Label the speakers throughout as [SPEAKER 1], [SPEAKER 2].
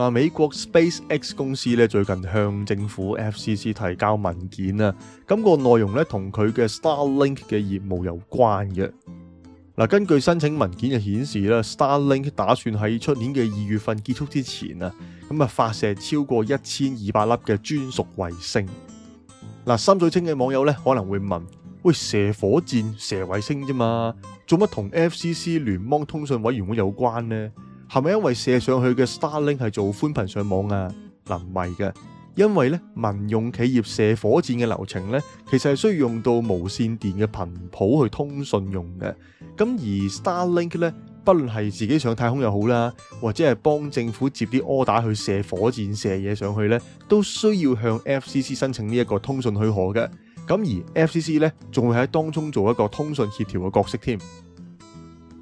[SPEAKER 1] 嗱，美國 SpaceX 公司咧最近向政府 FCC 提交文件啊，咁個內容咧同佢嘅 Starlink 嘅業務有關嘅。嗱，根據申請文件嘅顯示啦，Starlink 打算喺出年嘅二月份結束之前啊，咁啊發射超過一千二百粒嘅專屬衛星。嗱，三水清嘅網友咧可能會問：喂，射火箭射衛星啫嘛，做乜同 FCC 聯邦通信委員會有關呢？」係咪因為射上去嘅 Starlink 係做寬頻上網啊？唔係嘅，因為咧，民用企業射火箭嘅流程咧，其實係需要用到無線電嘅頻譜去通訊用嘅。咁而 Starlink 咧，不論係自己上太空又好啦，或者係幫政府接啲 order 去射火箭射嘢上去咧，都需要向 FCC 申請呢一個通訊許可嘅。咁而 FCC 咧，仲會喺當中做一個通訊協調嘅角色添。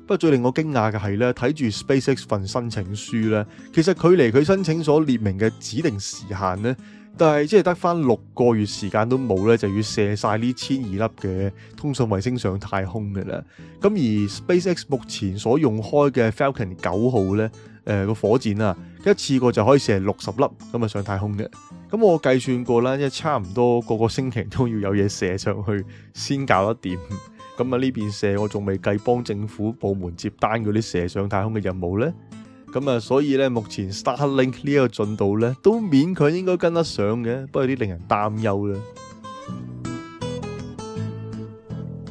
[SPEAKER 1] 不過最令我驚訝嘅係咧，睇住 SpaceX 份申請書咧，其實距離佢申請所列明嘅指定時限呢，但係即係得翻六個月時間都冇呢，就要射晒呢千二粒嘅通訊衛星上太空嘅啦。咁而 SpaceX 目前所用開嘅 Falcon 九號呢，誒個火箭啊，一次過就可以射六十粒咁啊上太空嘅。咁、嗯、我計算過啦，一差唔多個個星期都要有嘢射上去先搞得掂。咁啊呢邊射，我仲未計幫政府部門接單嗰啲射上太空嘅任務咧，咁啊所以咧，目前 Starlink 呢個進度咧都勉強應該跟得上嘅，不過有啲令人擔憂啦。